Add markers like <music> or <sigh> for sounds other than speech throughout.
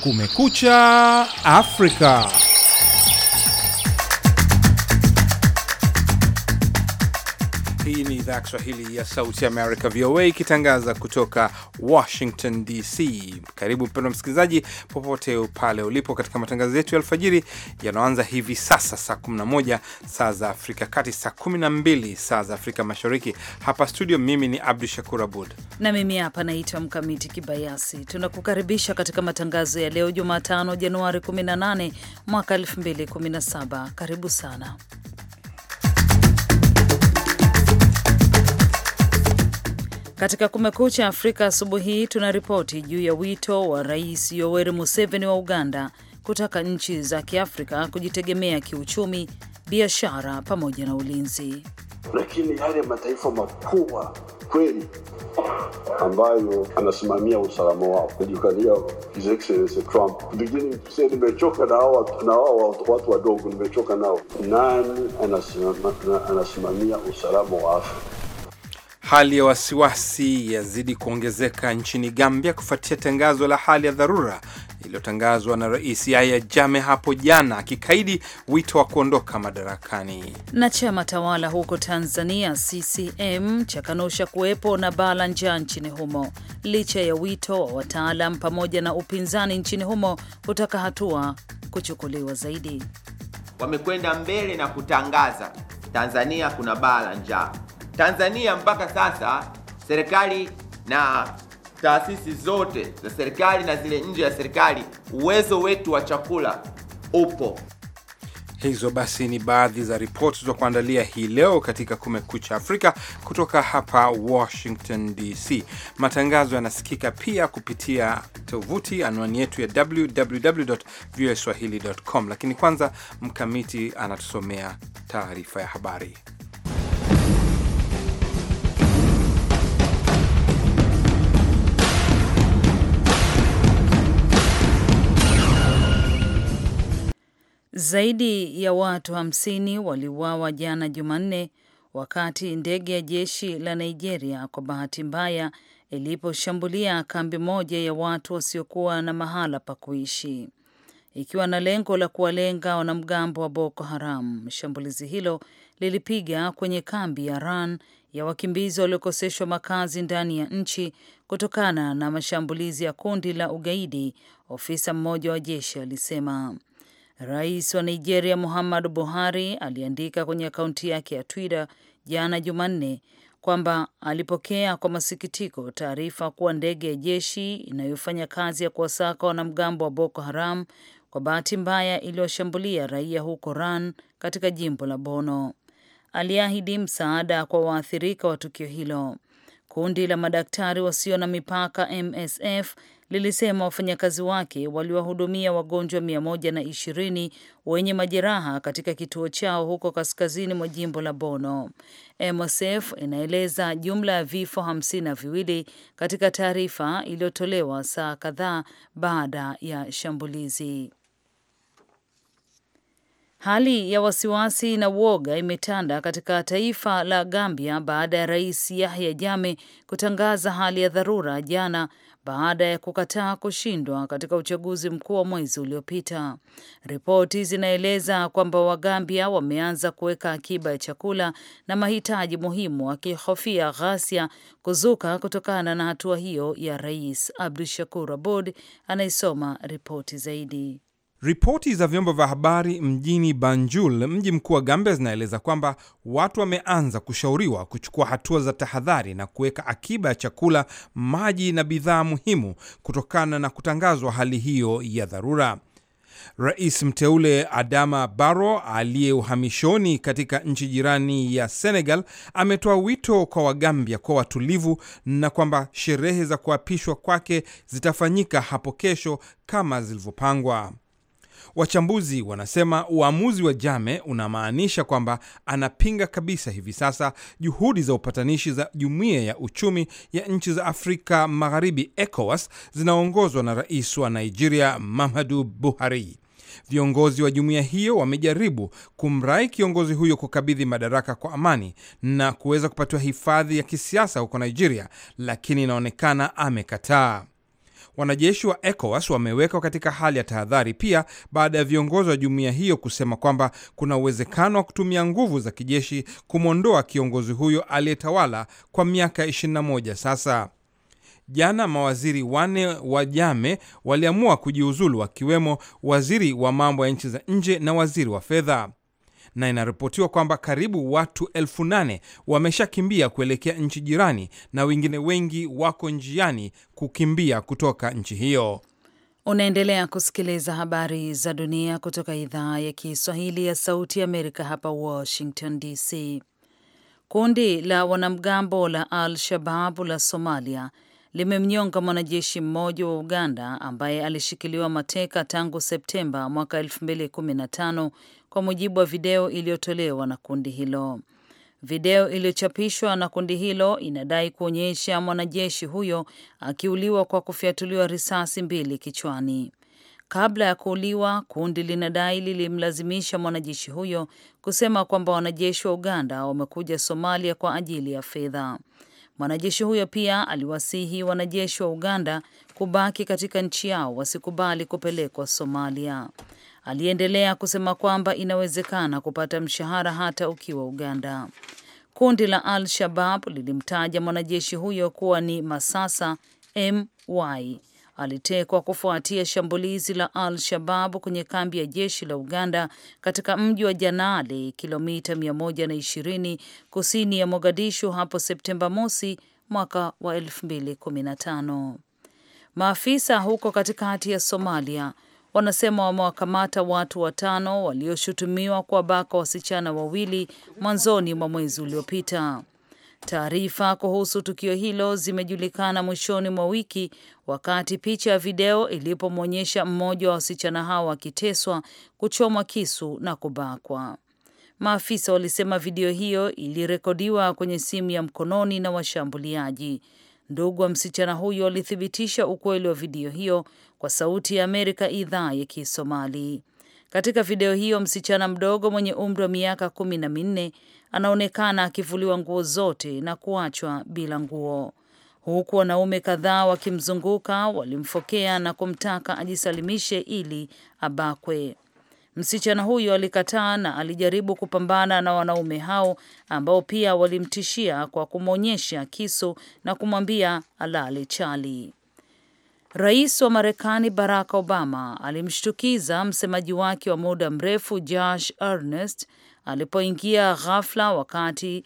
Kumekucha Afrika. Hii ni idhaa Kiswahili ya Sauti amerika VOA, ikitangaza kutoka Washington DC. Karibu mpendwa msikilizaji, popote pale ulipo, katika matangazo yetu ya alfajiri yanaoanza hivi sasa saa 11 saa za Afrika Kati, saa 12 saa za Afrika Mashariki. Hapa studio, mimi ni Abdu Shakur Abud na mimi hapa naitwa Mkamiti Kibayasi. Tunakukaribisha katika matangazo ya leo Jumatano, Januari 18 mwaka 2017. Karibu sana Katika Kumekucha Afrika asubuhi hii tuna ripoti juu ya wito wa Rais Yoweri Museveni wa Uganda kutaka nchi za Kiafrika kujitegemea kiuchumi, biashara pamoja na ulinzi. Lakini yale mataifa makubwa kweli ambayo anasimamia usalama wao najukalia His Excellency Trump beginning kusema nimechoka na wao watu wadogo, nimechoka nao. Nani anasimamia usalama wa Afrika? Hali ya wasiwasi yazidi kuongezeka nchini Gambia kufuatia tangazo la hali ya dharura iliyotangazwa na Rais Yahya Jammeh hapo jana, akikaidi wito wa kuondoka madarakani. Na chama tawala huko Tanzania CCM chakanusha kuwepo na baa la njaa nchini humo licha ya wito wa wataalam pamoja na upinzani nchini humo kutaka hatua kuchukuliwa zaidi. Wamekwenda mbele na kutangaza Tanzania kuna baa la njaa. Tanzania mpaka sasa serikali na taasisi zote za serikali na zile nje ya serikali, uwezo wetu wa chakula upo. Hizo basi ni baadhi za ripoti za kuandalia hii leo katika Kumekucha Afrika kutoka hapa Washington DC. Matangazo yanasikika pia kupitia tovuti anwani yetu ya www.voaswahili.com, lakini kwanza Mkamiti anatusomea taarifa ya habari. Zaidi ya watu hamsini waliuawa jana Jumanne wakati ndege ya jeshi la Nigeria kwa bahati mbaya iliposhambulia kambi moja ya watu wasiokuwa na mahala pa kuishi ikiwa na lengo la kuwalenga wanamgambo wa Boko Haram. Shambulizi hilo lilipiga kwenye kambi ya Ran ya wakimbizi waliokoseshwa makazi ndani ya nchi kutokana na mashambulizi ya kundi la ugaidi, ofisa mmoja wa jeshi alisema. Rais wa Nigeria Muhammad Buhari aliandika kwenye akaunti yake ya Twitter jana Jumanne kwamba alipokea kwa masikitiko taarifa kuwa ndege ya jeshi inayofanya kazi ya kuwasaka wanamgambo wa Boko Haram kwa bahati mbaya iliyoshambulia raia huko Ran katika jimbo la Bono. Aliahidi msaada kwa waathirika wa tukio hilo. Kundi la madaktari wasio na mipaka MSF lilisema wafanyakazi wake waliwahudumia wagonjwa mia moja na ishirini wenye majeraha katika kituo chao huko kaskazini mwa jimbo la Bono. MSF inaeleza jumla ya vifo hamsini na viwili katika taarifa iliyotolewa saa kadhaa baada ya shambulizi. Hali ya wasiwasi na woga imetanda katika taifa la Gambia baada ya Rais Yahya jame kutangaza hali ya dharura jana baada ya kukataa kushindwa katika uchaguzi mkuu wa mwezi uliopita. Ripoti zinaeleza kwamba Wagambia wameanza kuweka akiba ya chakula na mahitaji muhimu, wakihofia ghasia kuzuka kutokana na hatua hiyo ya rais. Abdu Shakur Abud anayesoma ripoti zaidi. Ripoti za vyombo vya habari mjini Banjul, mji mkuu wa Gambia, zinaeleza kwamba watu wameanza kushauriwa kuchukua hatua za tahadhari na kuweka akiba ya chakula, maji na bidhaa muhimu kutokana na kutangazwa hali hiyo ya dharura. Rais mteule Adama Barrow aliye uhamishoni katika nchi jirani ya Senegal ametoa wito kwa Wagambia kwa watulivu na kwamba sherehe za kuapishwa kwake zitafanyika hapo kesho kama zilivyopangwa. Wachambuzi wanasema uamuzi wa Jame unamaanisha kwamba anapinga kabisa hivi sasa juhudi za upatanishi za Jumuiya ya Uchumi ya Nchi za Afrika Magharibi, ECOWAS, zinaongozwa na rais wa Nigeria Muhammadu Buhari. Viongozi wa jumuiya hiyo wamejaribu kumrai kiongozi huyo kukabidhi madaraka kwa amani na kuweza kupatiwa hifadhi ya kisiasa huko Nigeria, lakini inaonekana amekataa. Wanajeshi wa ECOWAS wamewekwa katika hali ya tahadhari pia baada ya viongozi wa jumuiya hiyo kusema kwamba kuna uwezekano wa kutumia nguvu za kijeshi kumwondoa kiongozi huyo aliyetawala kwa miaka 21 sasa. Jana mawaziri wane wa Jame waliamua kujiuzulu wakiwemo waziri wa mambo ya nchi za nje na waziri wa fedha na inaripotiwa kwamba karibu watu elfu nane wameshakimbia kuelekea nchi jirani na wengine wengi wako njiani kukimbia kutoka nchi hiyo. Unaendelea kusikiliza habari za dunia kutoka idhaa ya Kiswahili ya Sauti ya Amerika, hapa Washington DC. Kundi la wanamgambo la Al Shababu la Somalia limemnyonga mwanajeshi mmoja wa Uganda ambaye alishikiliwa mateka tangu Septemba mwaka 215 kwa mujibu wa video iliyotolewa na kundi hilo. Video iliyochapishwa na kundi hilo inadai kuonyesha mwanajeshi huyo akiuliwa kwa kufyatuliwa risasi mbili kichwani. Kabla ya kuuliwa, kundi linadai lilimlazimisha mwanajeshi huyo kusema kwamba wanajeshi wa Uganda wamekuja Somalia kwa ajili ya fedha. Mwanajeshi huyo pia aliwasihi wanajeshi wa Uganda kubaki katika nchi yao, wasikubali kupelekwa Somalia. Aliendelea kusema kwamba inawezekana kupata mshahara hata ukiwa Uganda. Kundi la Al Shabab lilimtaja mwanajeshi huyo kuwa ni Masasa My. Alitekwa kufuatia shambulizi la Al Shabab kwenye kambi ya jeshi la Uganda katika mji wa janale kilomita 120 kusini ya Mogadishu hapo Septemba mosi mwaka wa 2015. Maafisa huko katikati ya Somalia wanasema wamewakamata watu watano walioshutumiwa kuwabaka wasichana wawili mwanzoni mwa mwezi uliopita. Taarifa kuhusu tukio hilo zimejulikana mwishoni mwa wiki wakati picha ya video ilipomwonyesha mmoja wa wasichana hao akiteswa, kuchomwa kisu na kubakwa. Maafisa walisema video hiyo ilirekodiwa kwenye simu ya mkononi na washambuliaji. Ndugu wa msichana huyo walithibitisha ukweli wa video hiyo kwa Sauti ya Amerika idhaa ya Kisomali. Katika video hiyo, msichana mdogo mwenye umri wa miaka kumi na minne anaonekana akivuliwa nguo zote na kuachwa bila nguo, huku wanaume kadhaa wakimzunguka, walimfokea na kumtaka ajisalimishe ili abakwe. Msichana huyo alikataa na alijaribu kupambana na wanaume hao ambao pia walimtishia kwa kumwonyesha kisu na kumwambia alale chali. Rais wa Marekani Barack Obama alimshtukiza msemaji wake wa muda mrefu Josh Earnest alipoingia ghafla wakati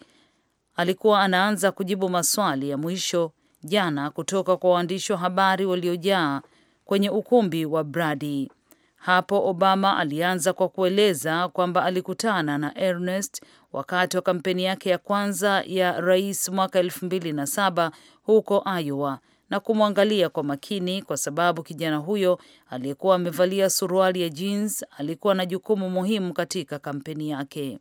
alikuwa anaanza kujibu maswali ya mwisho jana kutoka kwa waandishi wa habari waliojaa kwenye ukumbi wa Brady. Hapo Obama alianza kwa kueleza kwamba alikutana na ernest wakati wa kampeni yake ya kwanza ya rais mwaka elfu mbili na saba huko Iowa na kumwangalia kwa makini, kwa sababu kijana huyo aliyekuwa amevalia suruali ya jeans alikuwa na jukumu muhimu katika kampeni yake.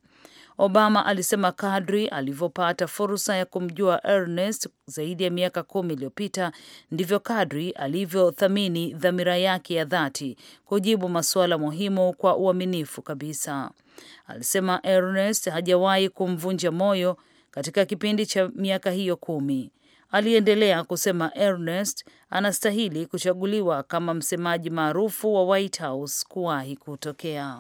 Obama alisema kadri alivyopata fursa ya kumjua Ernest zaidi ya miaka kumi iliyopita ndivyo kadri alivyothamini dhamira yake ya dhati kujibu masuala muhimu kwa uaminifu kabisa. Alisema Ernest hajawahi kumvunja moyo katika kipindi cha miaka hiyo kumi. Aliendelea kusema Ernest anastahili kuchaguliwa kama msemaji maarufu wa White House kuwahi kutokea.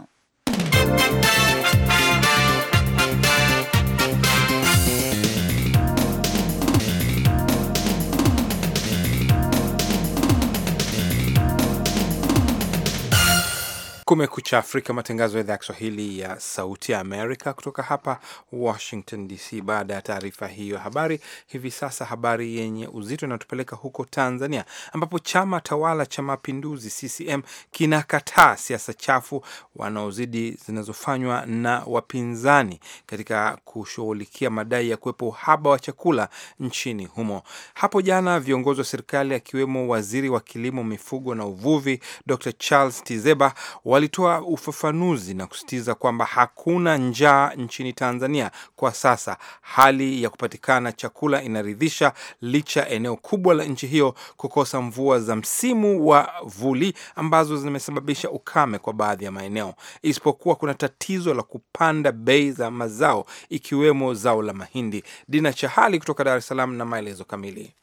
Kumekucha Afrika, matangazo ya idhaa ya Kiswahili ya Sauti ya Amerika kutoka hapa Washington DC. Baada ya taarifa hiyo habari, hivi sasa habari yenye uzito inatupeleka huko Tanzania, ambapo chama tawala cha Mapinduzi CCM kinakataa siasa chafu wanaozidi zinazofanywa na wapinzani katika kushughulikia madai ya kuwepo uhaba wa chakula nchini humo. Hapo jana viongozi wa serikali akiwemo waziri wa kilimo, mifugo na uvuvi Dr Charles Tizeba walitoa ufafanuzi na kusisitiza kwamba hakuna njaa nchini Tanzania kwa sasa, hali ya kupatikana chakula inaridhisha, licha ya eneo kubwa la nchi hiyo kukosa mvua za msimu wa vuli ambazo zimesababisha ukame kwa baadhi ya maeneo, isipokuwa kuna tatizo la kupanda bei za mazao ikiwemo zao la mahindi. Dina Chahali kutoka Dar es Salaam na maelezo kamili.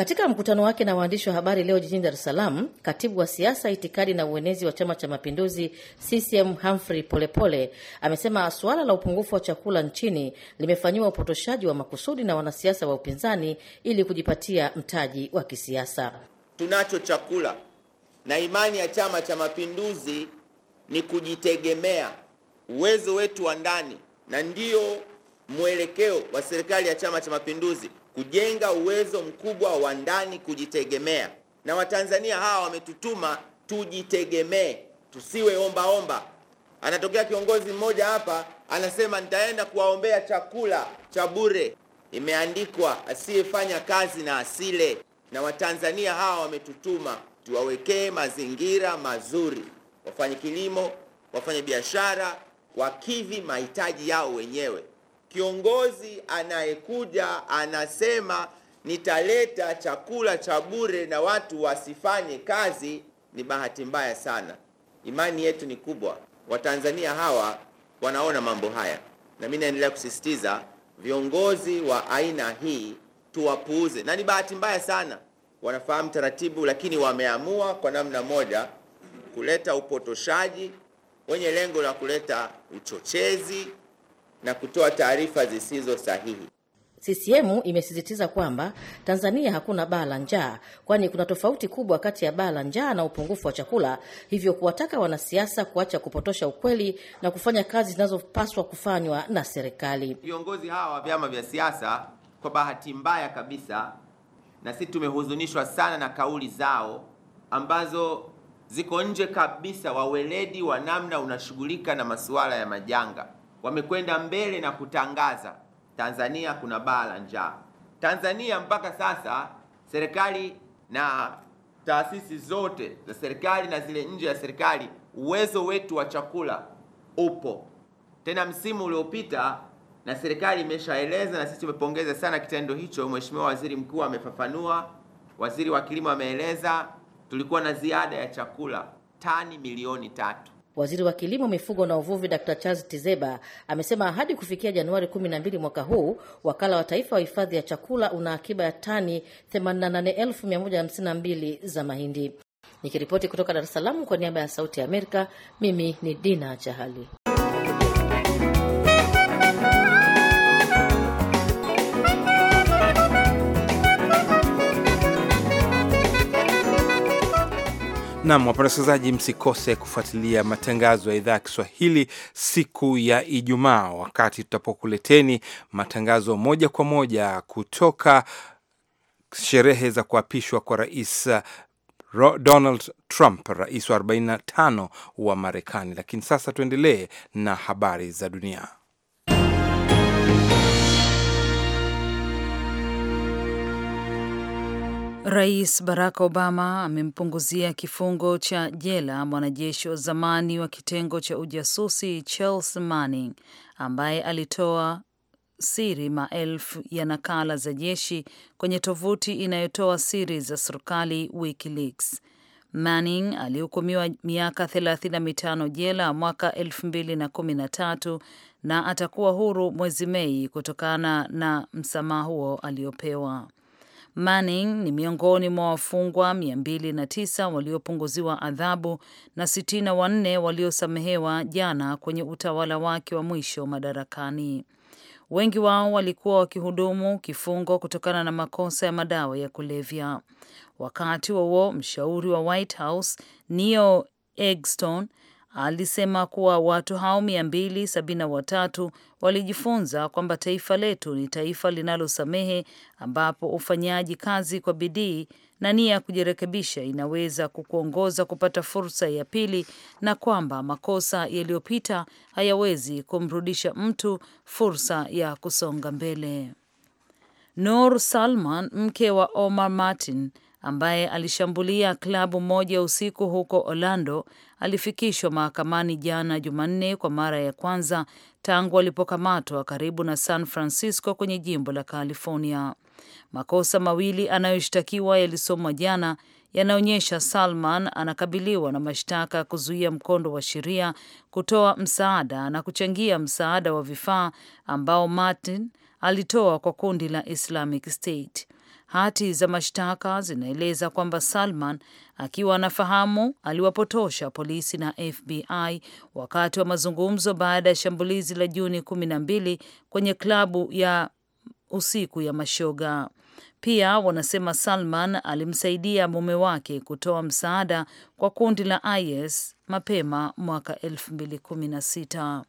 Katika mkutano wake na waandishi wa habari leo jijini Dar es Salaam, katibu wa siasa, itikadi na uenezi wa Chama cha Mapinduzi CCM Humphrey Polepole amesema suala la upungufu wa chakula nchini limefanyiwa upotoshaji wa makusudi na wanasiasa wa upinzani ili kujipatia mtaji wa kisiasa. Tunacho chakula na imani ya Chama cha Mapinduzi ni kujitegemea, uwezo wetu wa ndani, na ndiyo mwelekeo wa serikali ya Chama cha Mapinduzi kujenga uwezo mkubwa wa ndani kujitegemea, na Watanzania hawa wametutuma tujitegemee, tusiwe omba omba. Anatokea kiongozi mmoja hapa anasema nitaenda kuwaombea chakula cha bure, imeandikwa asiyefanya kazi na asile. Na Watanzania hawa wametutuma tuwawekee mazingira mazuri, wafanye kilimo, wafanye biashara, wakidhi mahitaji yao wenyewe. Kiongozi anayekuja anasema nitaleta chakula cha bure na watu wasifanye kazi, ni bahati mbaya sana. Imani yetu ni kubwa, Watanzania hawa wanaona mambo haya, na mimi naendelea kusisitiza viongozi wa aina hii tuwapuuze, na ni bahati mbaya sana. Wanafahamu taratibu, lakini wameamua kwa namna moja kuleta upotoshaji wenye lengo la kuleta uchochezi na kutoa taarifa zisizo sahihi. CCM imesisitiza kwamba Tanzania hakuna baa la njaa, kwani kuna tofauti kubwa kati ya baa la njaa na upungufu wa chakula, hivyo kuwataka wanasiasa kuacha kupotosha ukweli na kufanya kazi zinazopaswa kufanywa na serikali. Viongozi hawa wa vyama vya siasa, kwa bahati mbaya kabisa, na sisi tumehuzunishwa sana na kauli zao ambazo ziko nje kabisa waweledi wa namna unashughulika na masuala ya majanga wamekwenda mbele na kutangaza Tanzania kuna baa la njaa. Tanzania mpaka sasa serikali na taasisi zote za serikali na zile nje ya serikali, uwezo wetu wa chakula upo. Tena msimu uliopita na serikali imeshaeleza na sisi tumepongeza sana kitendo hicho. Mheshimiwa Waziri Mkuu amefafanua, Waziri wa Kilimo ameeleza, tulikuwa na ziada ya chakula tani milioni tatu. Waziri wa Kilimo, Mifugo na Uvuvi Dr Charles Tizeba amesema hadi kufikia Januari 12 mwaka huu wakala wa taifa wa hifadhi ya chakula una akiba ya tani 88,152 za mahindi. Nikiripoti kutoka Dar es Salaam kwa niaba ya Sauti ya Amerika, mimi ni Dina Chahali. Nam, wapenda wasikilizaji, msikose kufuatilia matangazo ya idhaa ya Kiswahili siku ya Ijumaa wakati tutapokuleteni matangazo moja kwa moja kutoka sherehe za kuapishwa kwa rais Donald Trump, rais wa 45 wa Marekani. Lakini sasa tuendelee na habari za dunia. Rais Barack Obama amempunguzia kifungo cha jela mwanajeshi wa zamani wa kitengo cha ujasusi charles Manning ambaye alitoa siri maelfu ya nakala za jeshi kwenye tovuti inayotoa siri za serikali WikiLeaks. Manning alihukumiwa miaka 35 jela mwaka 2013 na atakuwa huru mwezi Mei kutokana na msamaha huo aliopewa. Manning ni miongoni mwa wafungwa 209 waliopunguziwa adhabu na 64 waliosamehewa jana kwenye utawala wake wa mwisho madarakani. Wengi wao walikuwa wakihudumu kifungo kutokana na makosa ya madawa ya kulevya. Wakati huo mshauri wa White House Neo Eggstone alisema kuwa watu hao mia na watatu walijifunza kwamba taifa letu ni taifa linalosamehe, ambapo ufanyaji kazi kwa bidii na nia ya kujirekebisha inaweza kukuongoza kupata fursa ya pili, na kwamba makosa yaliyopita hayawezi kumrudisha mtu fursa ya kusonga mbele. Nur Salman, mke wa Omar Martin, ambaye alishambulia klabu moja usiku huko Orlando alifikishwa mahakamani jana Jumanne kwa mara ya kwanza tangu alipokamatwa karibu na San Francisco kwenye jimbo la California. Makosa mawili anayoshtakiwa yalisomwa jana yanaonyesha Salman anakabiliwa na mashtaka ya kuzuia mkondo wa sheria, kutoa msaada na kuchangia msaada wa vifaa ambao Martin alitoa kwa kundi la Islamic State. Hati za mashtaka zinaeleza kwamba Salman akiwa anafahamu aliwapotosha polisi na FBI wakati wa mazungumzo baada ya shambulizi la Juni kumi na mbili kwenye klabu ya usiku ya mashoga. Pia wanasema Salman alimsaidia mume wake kutoa msaada kwa kundi la IS mapema mwaka sita.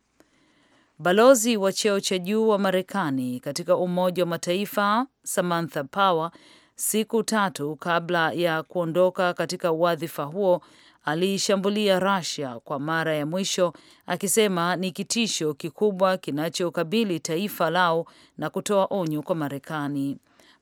Balozi wa cheo cha juu wa Marekani katika Umoja wa Mataifa Samantha Power siku tatu kabla ya kuondoka katika wadhifa huo aliishambulia Russia kwa mara ya mwisho akisema ni kitisho kikubwa kinachokabili taifa lao na kutoa onyo kwa Marekani.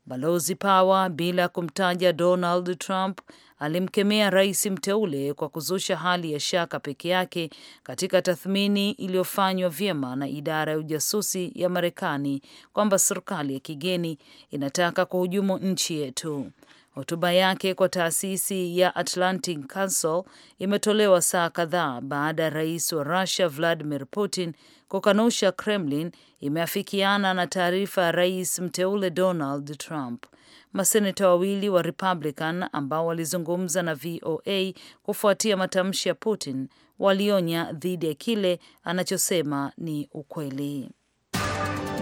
Balozi Power, bila kumtaja Donald Trump, alimkemea rais mteule kwa kuzusha hali ya shaka peke yake katika tathmini iliyofanywa vyema na idara ya ujasusi ya Marekani kwamba serikali ya kigeni inataka kuhujumu nchi yetu. Hotuba yake kwa taasisi ya Atlantic Council imetolewa saa kadhaa baada ya rais wa Russia Vladimir Putin kukanusha Kremlin imeafikiana na taarifa ya rais mteule Donald Trump maseneta wawili wa Republican ambao walizungumza na VOA kufuatia matamshi ya Putin walionya dhidi ya kile anachosema ni ukweli.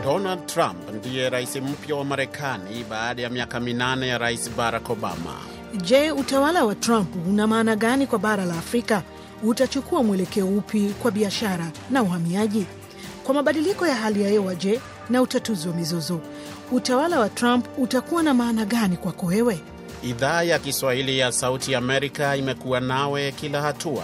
Donald Trump ndiye rais mpya wa Marekani baada ya miaka minane ya Rais Barack Obama. Je, utawala wa Trump una maana gani kwa bara la Afrika? Utachukua mwelekeo upi kwa biashara na uhamiaji, kwa mabadiliko ya hali ya hewa, je, na utatuzi wa mizozo? utawala wa Trump utakuwa na maana gani kwako wewe? Idhaa ya Kiswahili ya Sauti Amerika imekuwa nawe kila hatua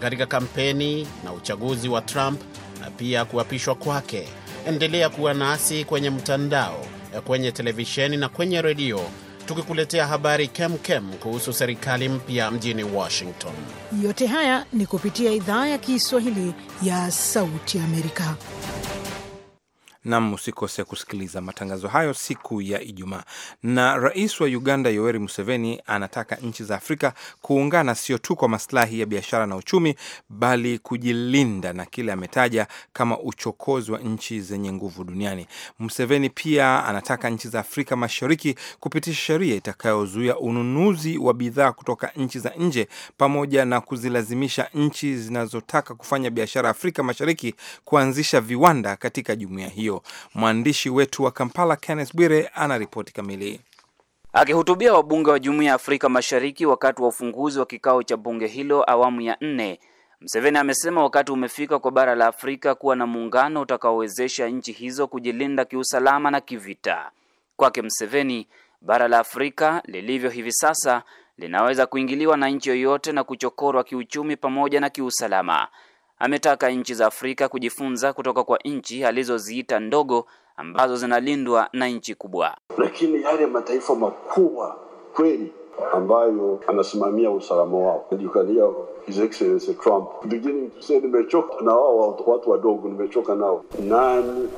katika kampeni na uchaguzi wa Trump na pia kuapishwa kwake. Endelea kuwa nasi kwenye mtandao, kwenye televisheni na kwenye redio tukikuletea habari kemkem kuhusu serikali mpya mjini Washington. Yote haya ni kupitia idhaa ya Kiswahili ya Sauti Amerika. Nam, usikose kusikiliza matangazo hayo siku ya Ijumaa. Na rais wa Uganda Yoweri Museveni anataka nchi za Afrika kuungana sio tu kwa maslahi ya biashara na uchumi, bali kujilinda na kile ametaja kama uchokozi wa nchi zenye nguvu duniani. Museveni pia anataka nchi za Afrika Mashariki kupitisha sheria itakayozuia ununuzi wa bidhaa kutoka nchi za nje, pamoja na kuzilazimisha nchi zinazotaka kufanya biashara Afrika Mashariki kuanzisha viwanda katika jumuiya hiyo hiyo. Mwandishi wetu wa Kampala, Kenneth Bwire, ana ripoti kamili. Akihutubia wabunge wa Jumuiya ya Afrika Mashariki wakati wa ufunguzi wa kikao cha bunge hilo awamu ya nne, Mseveni amesema wakati umefika kwa bara la Afrika kuwa na muungano utakaowezesha nchi hizo kujilinda kiusalama na kivita. Kwake Mseveni, bara la Afrika lilivyo hivi sasa linaweza kuingiliwa na nchi yoyote na kuchokorwa kiuchumi pamoja na kiusalama ametaka nchi za Afrika kujifunza kutoka kwa nchi alizoziita ndogo ambazo zinalindwa na nchi kubwa, lakini yale mataifa makubwa kweli ambayo anasimamia usalama wao. Nilikalia His Excellency Trump beginning kusema nimechoka na wao watu wadogo, nimechoka nao. Nani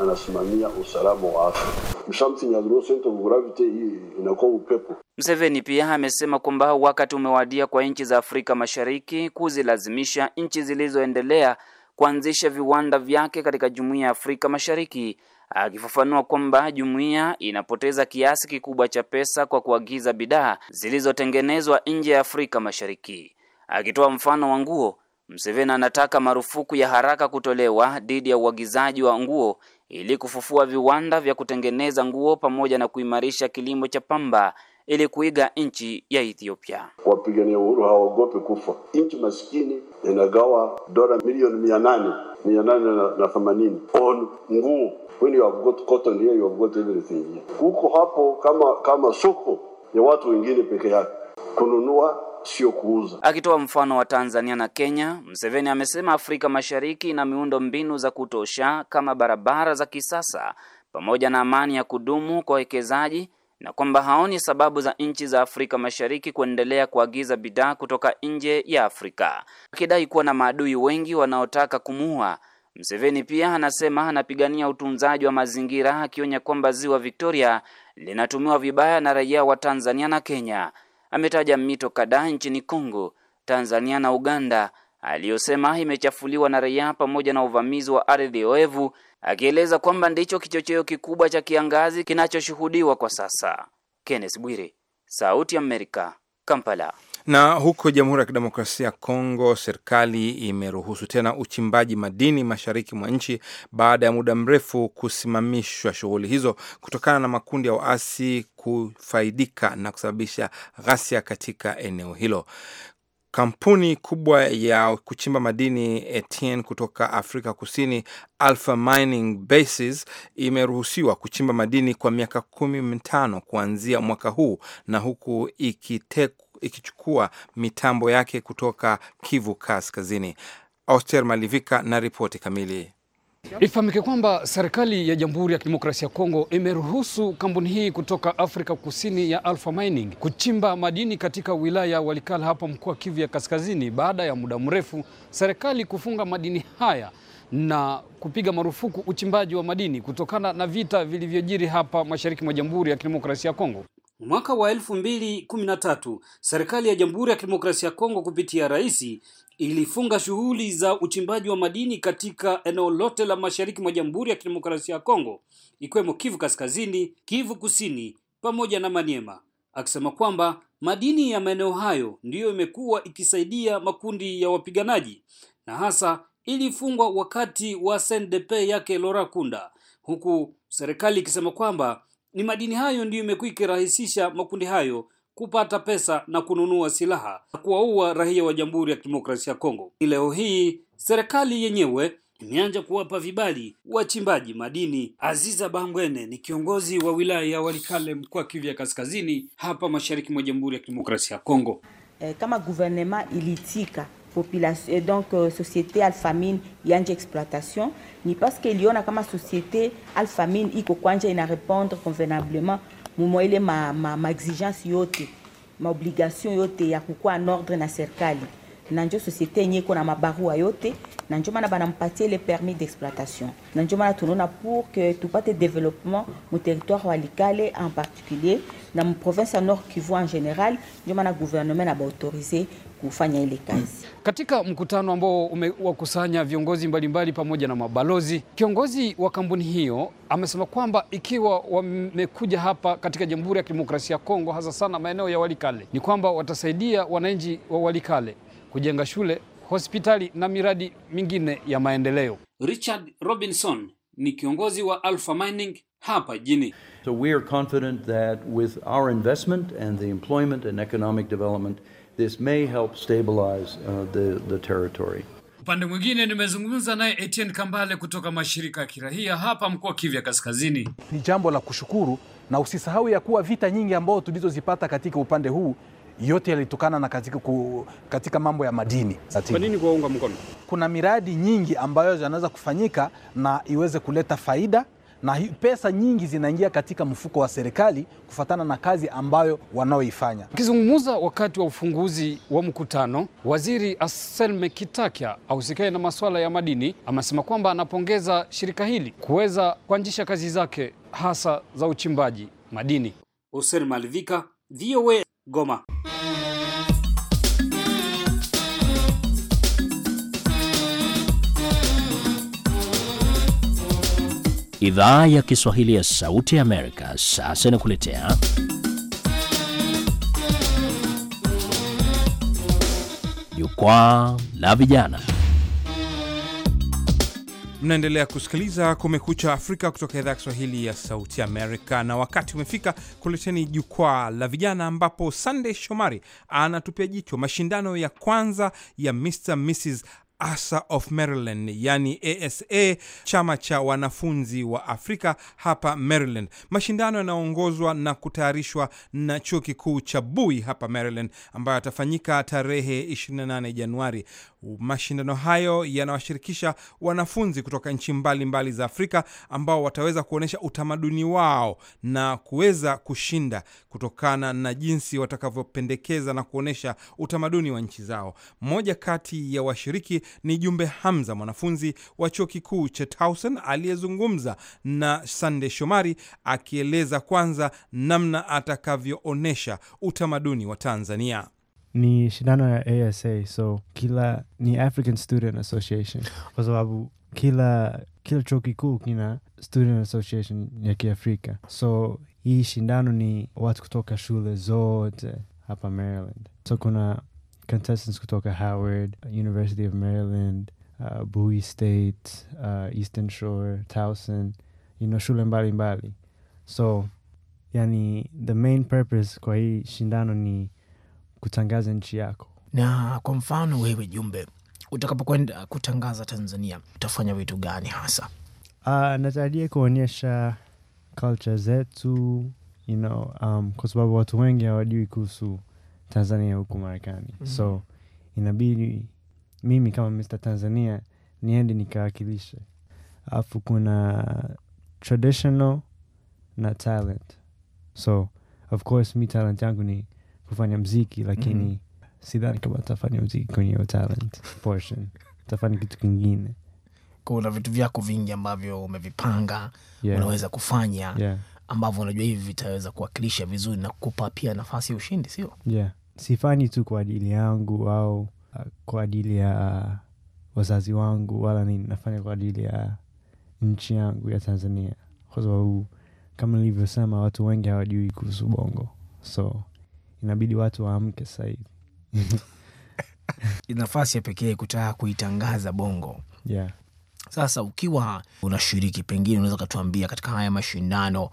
anasimamia usalama wa Afrika? Something has no center of gravity, hii inakuwa upepo. Mseveni pia amesema kwamba wakati umewadia kwa nchi za Afrika Mashariki kuzilazimisha nchi zilizoendelea kuanzisha viwanda vyake katika Jumuiya ya Afrika Mashariki akifafanua kwamba jumuiya inapoteza kiasi kikubwa cha pesa kwa kuagiza bidhaa zilizotengenezwa nje ya Afrika Mashariki. Akitoa mfano wa nguo, Mseveni anataka marufuku ya haraka kutolewa dhidi ya uagizaji wa nguo ili kufufua viwanda vya kutengeneza nguo pamoja na kuimarisha kilimo cha pamba ili kuiga nchi ya Ethiopia. Wapigania uhuru hawaogopi kufa. Nchi maskini inagawa dola milioni mia nane mia nane na themanini on nguo. When you have got cotton here, you have got everything here. Huko hapo kama kama soko ya watu wengine peke yake, kununua sio kuuza. Akitoa mfano wa Tanzania na Kenya, Mseveni amesema Afrika Mashariki ina miundo mbinu za kutosha kama barabara za kisasa pamoja na amani ya kudumu kwa wekezaji na kwamba haoni sababu za nchi za Afrika Mashariki kuendelea kuagiza bidhaa kutoka nje ya Afrika, akidai kuwa na maadui wengi wanaotaka kumuua. Mseveni pia anasema anapigania utunzaji wa mazingira, akionya kwamba ziwa Victoria linatumiwa vibaya na raia wa Tanzania na Kenya. Ametaja mito kadhaa nchini Kongo, Tanzania na Uganda aliyosema imechafuliwa na raia pamoja na uvamizi wa ardhi oevu, akieleza kwamba ndicho kichocheo kikubwa cha kiangazi kinachoshuhudiwa kwa sasa. Kenneth Bwire, Sauti ya Amerika, Kampala. Na huko Jamhuri ya Kidemokrasia ya Kongo, serikali imeruhusu tena uchimbaji madini mashariki mwa nchi baada ya muda mrefu kusimamishwa shughuli hizo kutokana na makundi ya waasi kufaidika na kusababisha ghasia katika eneo hilo. Kampuni kubwa ya kuchimba madini Etienne kutoka Afrika Kusini, Alpha Mining Bases, imeruhusiwa kuchimba madini kwa miaka kumi mitano kuanzia mwaka huu na huku ikiteku, ikichukua mitambo yake kutoka Kivu Kaskazini. Auster Malivika na ripoti kamili. Ifahamike kwamba serikali ya Jamhuri ya Kidemokrasia ya Kongo imeruhusu kampuni hii kutoka Afrika Kusini ya Alpha Mining kuchimba madini katika wilaya Walikale hapa mkoa wa Kivu ya Kaskazini baada ya muda mrefu serikali kufunga madini haya na kupiga marufuku uchimbaji wa madini kutokana na vita vilivyojiri hapa mashariki mwa Jamhuri ya Kidemokrasia ya Kongo. Mwaka wa elfu mbili kumi na tatu serikali ya Jamhuri ya Kidemokrasia ya Kongo kupitia rais ilifunga shughuli za uchimbaji wa madini katika eneo lote la mashariki mwa Jamhuri ya Kidemokrasia ya Kongo ikiwemo Kivu Kaskazini, Kivu Kusini pamoja na Maniema, akisema kwamba madini ya maeneo hayo ndiyo imekuwa ikisaidia makundi ya wapiganaji na hasa ilifungwa wakati wa SNDP yake Laurent Kunda, huku serikali ikisema kwamba ni madini hayo ndiyo imekuwa ikirahisisha makundi hayo kupata pesa na kununua silaha na kuwaua raia wa Jamhuri ya Kidemokrasia ya Kongo. Leo hii serikali yenyewe imeanza kuwapa vibali wachimbaji madini. Aziza Bangwene ni kiongozi wa wilaya ya Walikale, mkoa wa Kivu ya Kaskazini, hapa mashariki mwa Jamhuri ya Kidemokrasia ya Kongo. E, kama guvernema ilitika population euh, donc euh, société alfamine yanje exploitation ni parce que a comme société alfamine iko kwanja ina répondre convenablement mumo ile ma, ma, ma exigence yote ma obligation yote ya kukuwa en ordre na serikali na njo société qui iko na mabarua yote na njo mana les les permis d'exploitation na njo mana tunaona pour que tout le développement mu territoire walikale en particulier dans province nord kivu en général njo mana gouvernement na autorisé. kufanya ile kazi. Katika mkutano ambao umewakusanya viongozi mbalimbali pamoja na mabalozi, kiongozi wa kampuni hiyo amesema kwamba ikiwa wamekuja hapa katika Jamhuri ya Kidemokrasia ya Kongo, hasa sana maeneo ya Walikale, ni kwamba watasaidia wananchi wa Walikale kujenga shule, hospitali na miradi mingine ya maendeleo. Richard Robinson ni kiongozi wa Alpha Mining hapa jini. So we are confident that with our investment and the employment and economic development This may help stabilize uh, the, the territory. Upande mwingine nimezungumza naye Etienne Kambale kutoka mashirika ya kirahia hapa mkoa Kivya Kaskazini. Ni jambo la kushukuru na usisahau ya kuwa vita nyingi ambazo tulizozipata katika upande huu yote yalitokana na katika, ku, katika mambo ya madini. Kwa nini mkono? Kuna miradi nyingi ambayo yanaweza kufanyika na iweze kuleta faida na pesa nyingi zinaingia katika mfuko wa serikali kufatana na kazi ambayo wanaoifanya. Akizungumza wakati wa ufunguzi wa mkutano, waziri Anselme Kitakya ahusikaye na masuala ya madini amesema kwamba anapongeza shirika hili kuweza kuanzisha kazi zake hasa za uchimbaji madini. Oser Malvika, VOA Goma. Idhaa ya Kiswahili ya Sauti ya Amerika sasa inakuletea Jukwaa la Vijana. Mnaendelea kusikiliza Kumekucha Afrika kutoka idhaa ya Kiswahili ya Sauti Amerika, na wakati umefika kuleteni Jukwaa la Vijana, ambapo sandey Shomari anatupia jicho mashindano ya kwanza ya Mr Mrs ASA of Maryland, yani ASA, chama cha wanafunzi wa Afrika hapa Maryland. Mashindano yanaongozwa na kutayarishwa na chuo kikuu cha bui hapa Maryland, ambayo yatafanyika tarehe 28 Januari. Mashindano hayo yanawashirikisha wanafunzi kutoka nchi mbalimbali za Afrika ambao wataweza kuonyesha utamaduni wao na kuweza kushinda kutokana na jinsi watakavyopendekeza na kuonyesha utamaduni wa nchi zao. Moja kati ya washiriki ni Jumbe Hamza, mwanafunzi wa chuo kikuu cha Towson aliyezungumza na Sande Shomari akieleza kwanza namna atakavyoonyesha utamaduni wa Tanzania. Ni shindano ya ASA, so kila ni African Student Association, kwa sababu kila kila chuo kikuu kina student association ya Kiafrika, so hii shindano ni watu kutoka shule zote hapa Maryland, so kuna contestants kutoka Howard, uh, University of Maryland, uh, Bowie State, uh, Eastern Shore, Towson, you know, shule mbalimbali So yani, the main purpose kwa hii shindano ni kutangaza nchi yako, na kwa mfano wewe Jumbe, utakapokwenda kutangaza Tanzania utafanya vitu gani hasa? Uh, natarajia kuonyesha culture zetu you know, um, kwa sababu watu wengi hawajui kuhusu Tanzania huku Marekani. mm -hmm. So inabidi mimi kama Mr. Tanzania niende nikawakilishe. Alafu kuna traditional na talent, so of course mi talent yangu ni kufanya mziki, lakini mm -hmm. sidhani kama tafanya mziki kwenye hiyo talent portion, tafanya kitu kingine kuna vitu vyako vingi ambavyo umevipanga yeah. unaweza kufanya yeah. ambavyo unajua hivi vitaweza kuwakilisha vizuri na kukupa pia nafasi ya ushindi, sio? yeah sifanyi tu kwa ajili yangu au uh, kwa ajili ya wazazi wangu wala nini, nafanya kwa ajili ya nchi yangu ya Tanzania, kwa sababu kama nilivyosema, watu wengi hawajui kuhusu bongo, so inabidi watu waamke sasa hivi. <laughs> nafasi ya pekee kutaka kuitangaza bongo yeah. Sasa ukiwa unashiriki, pengine unaweza ukatuambia katika haya mashindano,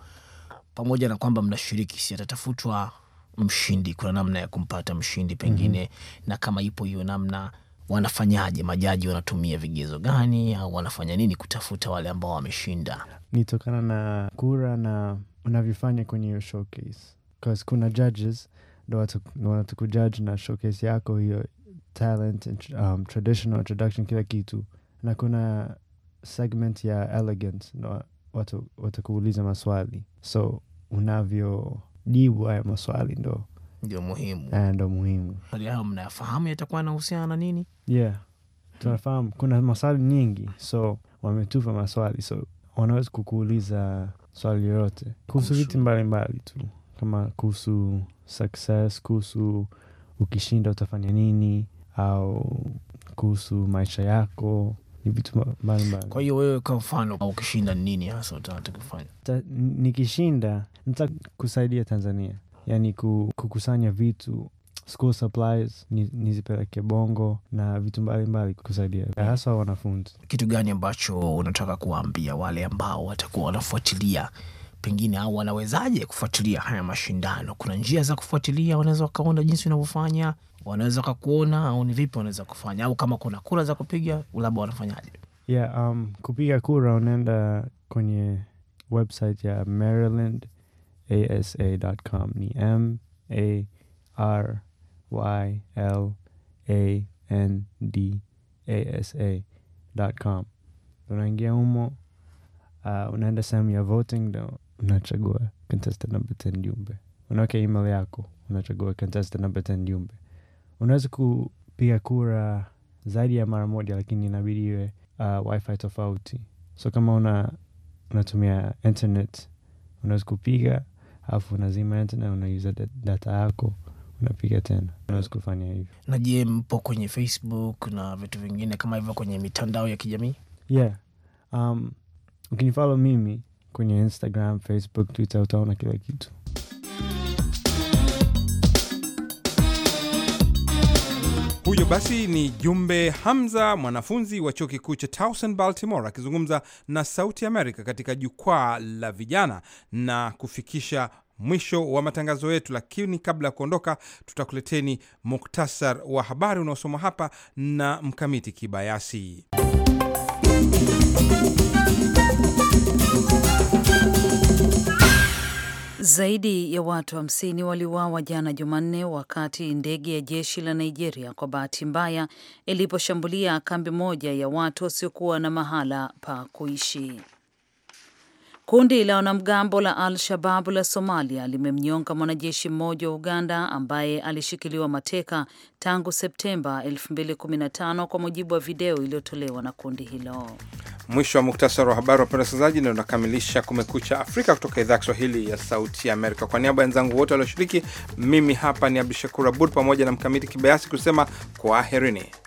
pamoja na kwamba mnashiriki, si atatafutwa mshindi, kuna namna ya kumpata mshindi pengine mm -hmm. na kama ipo hiyo namna wanafanyaje? Majaji wanatumia vigezo gani au wanafanya nini kutafuta wale ambao wameshinda? Nitokana na kura na unavyofanya kwenye hiyo showcase, cause kuna judges ndo watakujaji na showcase yako hiyo talent, um, traditional introduction, kila kitu, na kuna segment ya elegant ndo watakuuliza maswali so unavyo jibu haya maswali ndo ndio muhimu, ndo muhimu. Hayo mnayafahamu yatakuwa nahusiana na nini? Yeah, tunafahamu kuna maswali nyingi, so wametupa maswali, so wanaweza kukuuliza swali yoyote kuhusu vitu mbalimbali tu, kama kuhusu success, kuhusu ukishinda utafanya nini, au kuhusu maisha yako ni vitu mbalimbali. Kwa hiyo wewe, kwa mfano, ukishinda nini hasa Nikishinda nataka kusaidia Tanzania, yani kukusanya vitu school supplies nizipeleke Bongo na vitu mbalimbali kusaidia hasa wanafunzi. Kitu gani ambacho unataka kuwaambia wale ambao watakuwa wanafuatilia pengine, au wanawezaje kufuatilia haya mashindano? Kuna njia za kufuatilia, wanaweza wakaona jinsi unavyofanya wanaweza kakuona au ni vipi wanaweza kufanya, au kama kuna kura za kupiga labda wanafanyaje? Yeah, um, kupiga kura unaenda kwenye website ya maryland asacom ni m a r y l a n d a s a.com. Unaingia humo, uh, unaenda sehemu ya voting, ndo unachagua contestant number 10 jumbe, unaweka email yako, unachagua contestant number 10 jumbe unaweza kupiga kura zaidi ya mara moja, lakini inabidi iwe uh, wifi tofauti. So kama una unatumia internet unaweza kupiga, alafu unazima internet, unauza data yako unapiga tena, unaweza kufanya hivyo. Na je, mpo kwenye Facebook na vitu vingine kama hivyo kwenye mitandao ya kijamii? Yeah, um, ukinifalo mimi kwenye Instagram, Facebook, Twitter utaona kila kitu. Huyo basi ni Jumbe Hamza, mwanafunzi wa chuo kikuu cha Towson Baltimore, akizungumza na Sauti Amerika katika jukwaa la vijana na kufikisha mwisho wa matangazo yetu. Lakini kabla ya kuondoka, tutakuleteni muktasar wa habari unaosoma hapa na Mkamiti Kibayasi. Zaidi ya watu hamsini waliuawa jana Jumanne wakati ndege ya jeshi la Nigeria kwa bahati mbaya iliposhambulia kambi moja ya watu wasiokuwa na mahala pa kuishi. Kundi la wanamgambo la Al-Shababu la Somalia limemnyonga mwanajeshi mmoja wa Uganda ambaye alishikiliwa mateka tangu Septemba 2015 kwa mujibu wa video iliyotolewa na kundi hilo. Mwisho wa muktasari wa habari, wapenda wasikilizaji, na unakamilisha Kumekucha Afrika kutoka idhaa ya Kiswahili ya Sauti ya Amerika. Kwa niaba ya wenzangu wote walioshiriki, mimi hapa ni Abdu Shakur Abud pamoja na Mkamiti Kibayasi kusema kwaherini.